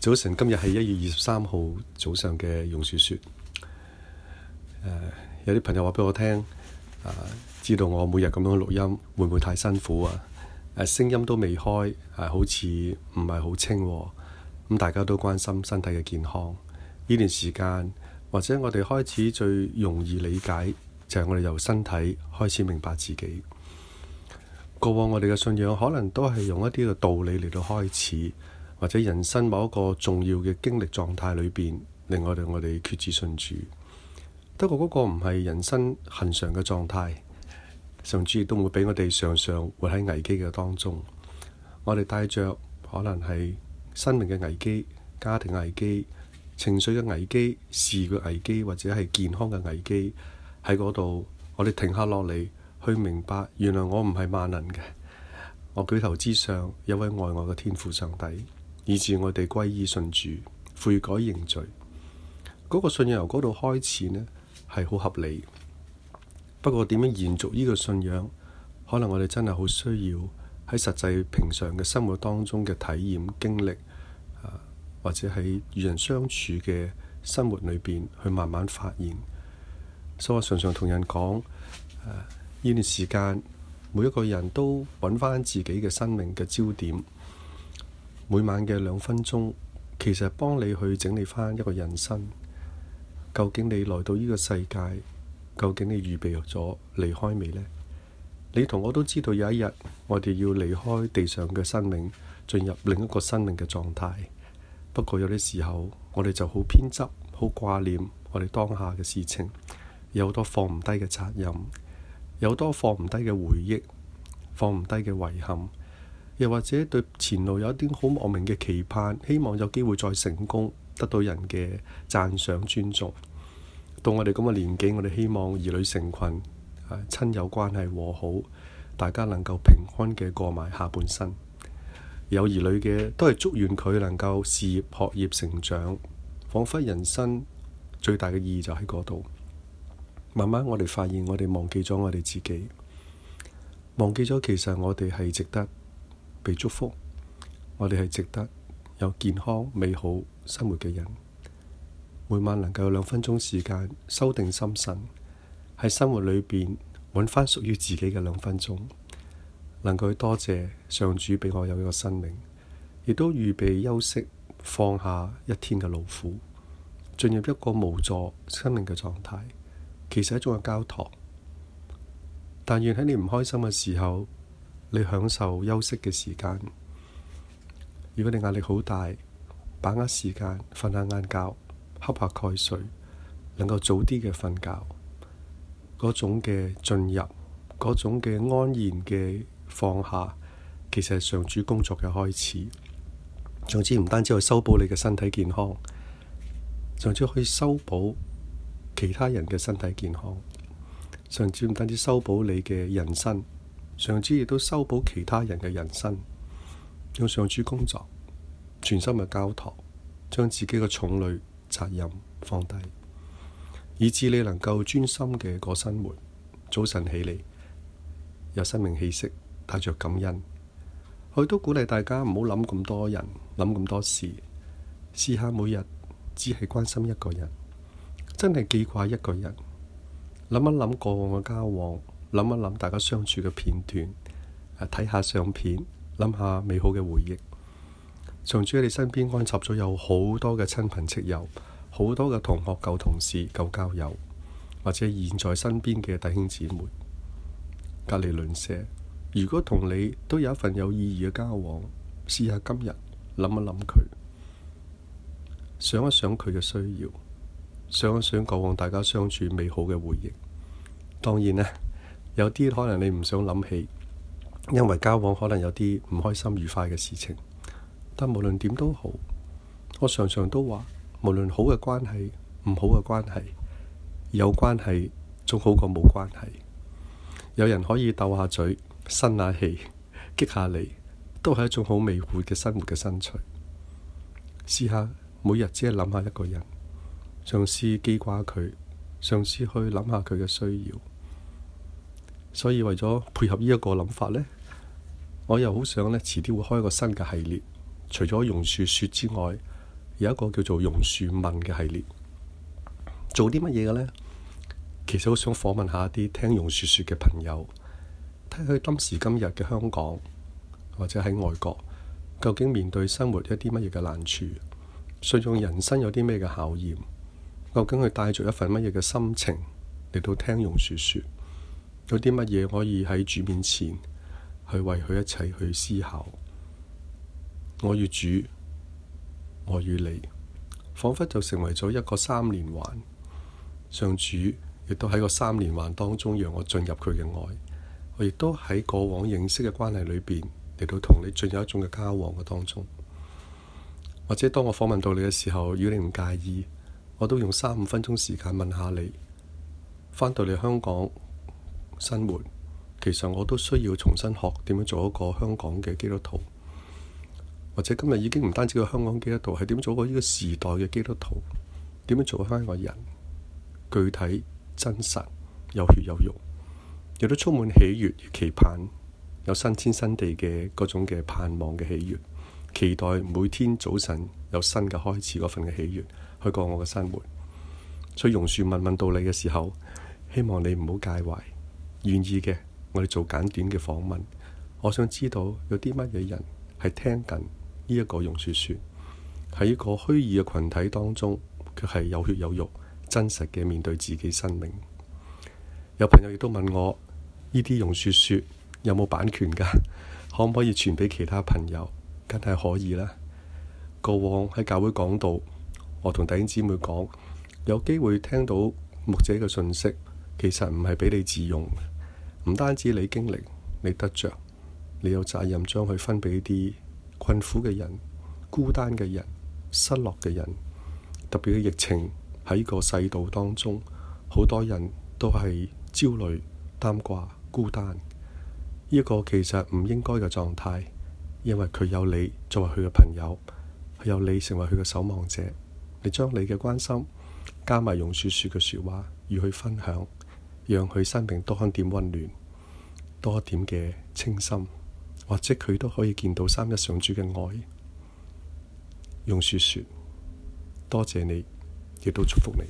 早晨，今日係一月二十三號早上嘅榕樹說。Uh, 有啲朋友話俾我聽，uh, 知道我每日咁樣錄音會唔會太辛苦啊？誒，聲音都未開，uh, 好似唔係好清、哦。咁、uh, 大家都關心身體嘅健康。呢段時間，或者我哋開始最容易理解，就係、是、我哋由身體開始明白自己。過往我哋嘅信仰可能都係用一啲嘅道理嚟到開始。或者人生某一個重要嘅經歷狀態裏邊，令我哋我哋決志信主。不過嗰個唔係人生恒常嘅狀態，甚至都唔會俾我哋常常活喺危機嘅當中。我哋帶着可能係生命嘅危機、家庭危機、情緒嘅危機、事嘅危機，或者係健康嘅危機，喺嗰度我哋停下落嚟去明白，原來我唔係萬能嘅。我舉頭之上有位愛我嘅天父上帝。以致我哋歸依信主、悔改認罪，嗰個信仰由嗰度開始呢，係好合理。不過點樣延續呢個信仰，可能我哋真係好需要喺實際平常嘅生活當中嘅體驗經歷，啊，或者喺與人相處嘅生活裏邊去慢慢發現。所以我常常同人講，啊，呢段時間每一個人都揾翻自己嘅生命嘅焦點。每晚嘅兩分鐘，其實係幫你去整理翻一,一個人生。究竟你來到呢個世界，究竟你預備咗離開未呢？你同我都知道有一日，我哋要離開地上嘅生命，進入另一個生命嘅狀態。不過有啲時候，我哋就好偏執，好掛念我哋當下嘅事情，有好多放唔低嘅責任，有多放唔低嘅回憶，放唔低嘅遺憾。又或者對前路有一啲好莫名嘅期盼，希望有機會再成功，得到人嘅讚賞、尊重。到我哋咁嘅年紀，我哋希望兒女成群，啊，親友關係和好，大家能夠平安嘅過埋下半生。有兒女嘅都係祝願佢能夠事業、學業成長，仿佛人生最大嘅意義就喺嗰度。慢慢我哋發現，我哋忘記咗我哋自己，忘記咗其實我哋係值得被祝福，我哋係值得有健康美好生活嘅人。每晚能夠有兩分鐘時間修定心神，喺生活裏邊揾翻屬於自己嘅兩分鐘，能夠多謝上主畀我有一個生命，亦都預備休息，放下一天嘅勞苦，進入一個無助生命嘅狀態，其實係一種嘅交託。但願喺你唔開心嘅時候，你享受休息嘅時間，如果你壓力好大，把握時間瞓下晏覺，吸下鈣水，能夠早啲嘅瞓覺，嗰種嘅進入，嗰種嘅安然嘅放下，其實係上主工作嘅開始。總之唔單止去修補你嘅身體健康，總之去修補其他人嘅身體健康，上主唔單止修補你嘅人生。上主亦都修補其他人嘅人生，讓上主工作，全心嘅交託，將自己嘅重累責任放低，以致你能夠專心嘅過生活。早晨起嚟，有生命氣息，帶着感恩。佢都鼓勵大家唔好諗咁多人，諗咁多事，試下每日只係關心一個人，真係記掛一個人。諗一諗過往嘅交往。諗一諗大家相處嘅片段，睇下相片，諗下美好嘅回憶。從住喺你身邊安插咗有好多嘅親朋戚友，好多嘅同學、舊同事、舊交友，或者現在身邊嘅弟兄姊妹、隔籬鄰舍，如果同你都有一份有意義嘅交往，試下今日諗一諗佢，想一想佢嘅需要，想一想過往大家相處美好嘅回憶。當然咧。有啲可能你唔想諗起，因為交往可能有啲唔開心、愉快嘅事情。但無論點都好，我常常都話，無論好嘅關係、唔好嘅關係，有關係仲好過冇關係。有人可以鬥下嘴、生下氣、激下你，都係一種好美滿嘅生活嘅身材。試下每日只係諗下一個人，嘗試記掛佢，嘗試去諗下佢嘅需要。所以為咗配合呢一個諗法呢，我又好想呢，遲啲會開一個新嘅系列，除咗榕樹說之外，有一個叫做榕樹問嘅系列。做啲乜嘢嘅呢？其實我想訪問一下啲聽榕樹說嘅朋友，睇下佢今時今日嘅香港或者喺外國，究竟面對生活一啲乜嘢嘅難處，所用人生有啲咩嘅考驗？究竟佢帶着一份乜嘢嘅心情嚟到聽榕樹說？有啲乜嘢可以喺主面前去為佢一齊去思考？我要主，我與你，仿佛就成為咗一個三連環。上主亦都喺個三連環當中，讓我進入佢嘅愛。我亦都喺過往認識嘅關係裏邊嚟到同你進入一種嘅交往嘅當中。或者當我訪問到你嘅時候，如果你唔介意，我都用三五分鐘時間問下你，翻到嚟香港。生活其實我都需要重新學點樣做一個香港嘅基督徒，或者今日已經唔單止個香港基督徒係點做一個呢個時代嘅基督徒，點樣做翻個人，具體真實有血有肉，亦都充滿喜悅與期盼，有新天新地嘅嗰種嘅盼望嘅喜悅，期待每天早晨有新嘅開始嗰份嘅喜悅去過我嘅生活。所以榕樹問問到你嘅時候，希望你唔好介懷。願意嘅，我哋做簡短嘅訪問。我想知道有啲乜嘢人係聽緊呢一個用説説，喺個虛擬嘅群體當中，佢係有血有肉、真實嘅面對自己生命。有朋友亦都問我，呢啲用説説有冇版權噶？ 可唔可以傳畀其他朋友？梗係可以啦。過往喺教會講道，我同弟兄姊妹講，有機會聽到牧者嘅信息。其實唔係畀你自用，唔單止你經歷，你得着，你有責任將佢分畀啲困苦嘅人、孤單嘅人、失落嘅人。特別嘅疫情喺個世道當中，好多人都係焦慮、擔掛、孤單，呢、這、一個其實唔應該嘅狀態。因為佢有你作為佢嘅朋友，佢有你成為佢嘅守望者，你將你嘅關心加埋用雪雪嘅說話，與佢分享。讓佢生命多一點温暖，多一點嘅清心，或者佢都可以見到三一上主嘅愛。用說說，多謝你，亦都祝福你。